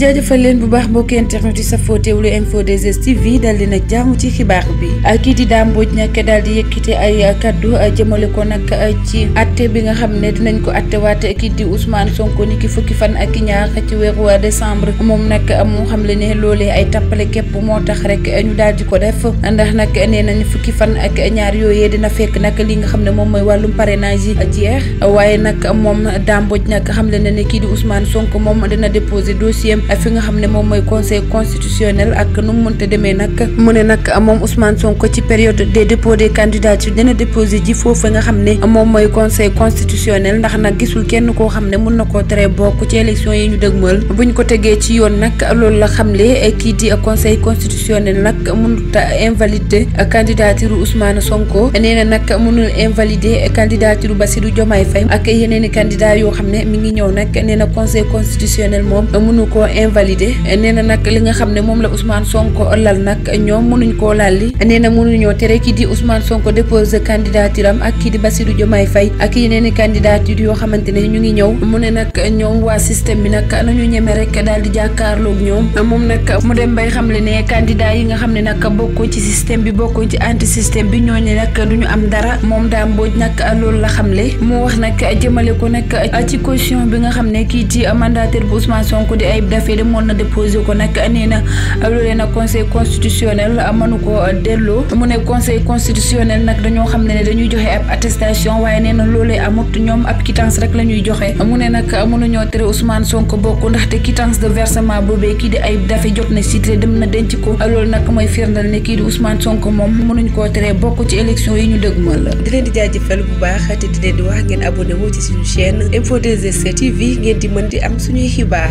jaajëfal leen bu baax mbokki internet yi safoo teewlu info 2S TV dal di nag jaamu ci xibaar bi kii di Dame Mbodj nag daal di yëkkite ay kaddu jëmale ko nag ci atte bi nga xam ne dinañ ko attewaat kii di Ousmane Sonko ni ki fukki fan ak ñaar ci weeru décembre moom nag mu xam le ne loolee ay tappale képp moo tax rek ñu daal di ko def ndax nag nee nañ fukki fan ak ñaar yooyee dina fekk nag lii nga xam ne moom mooy wàllum parrainage a jeex waaye nag moom Dame Mbodj nag xam le ne ne kii di Ousmane Sonko moom dina déposer dossier dem fi nga xam ne moom mooy conseil constitutionnel ak nu mu mënta demee nag mu ne nag moom usmaan Sonko ci période des dépôts des candidatures dina déposé ji foofu nga xam ne moom mooy conseil constitutionnel ndax nag gisul kenn koo xam ne mun na koo tere bokk ci élection yi ñu dëgmal buñ ko tegee ci yoon nag loolu la xamle kii di conseil constitutionnel nag mënut a invalider candidature Ousmane Sonko nee na nag mënul invalider candidature Bassirou Diomaye Faye ak yeneen i candidat yoo xam ne mi ngi ñëw nag nee na conseil constitutionnel moom invalidé nee na nag li nga xam ne moom la Ousmane Sonko lal nag ñoom mënuñ koo lalli nee na mënuñoo tere kii di Ousmane Sonko déposé candidature ak kii di Bassirou Diomaye fay ak yeneen i candidature yoo xamante ne ñu ngi ñëw mu ne nag ñoom waa système bi nag nañu ñeme rek daal di jàkkaarloog ñoom moom nag mu dem bay xam le ne candidat yi nga xam ne nag bokkoo ci système bi bokkoo ci anti système bi ñooñu nag du ñu am dara moom daa mbooj nag loolu la xamle mu wax nag jëmale ko nag ci caution bi nga xam ne kii ci mandataire bu Ousmane Sonko jafe moon na déposé ko nag nee na loolee nag conseil constitutionnel mënu ko delloo mu ne conseil constitutionnel nag dañoo xam ne ne dañuy joxe ab attestation waaye nee na loolee amut ñoom ab quittance rek la ñuy joxe mu ne nag ñoo tere Ousmane Sonko bokk ndaxte quittance de versement boobee kii di Ayib Daffé jot na cité dem na denc ko loolu nag mooy firndal ne kii di Ousmane Sonko moom mënuñ koo tere bokk ci élection yi ñu dëgmal. di leen di jaajëfal bu baax te di leen di wax ngeen abonné wu ci suñu chaîne Info 2S TV ngeen di mën di am suñuy xibaar.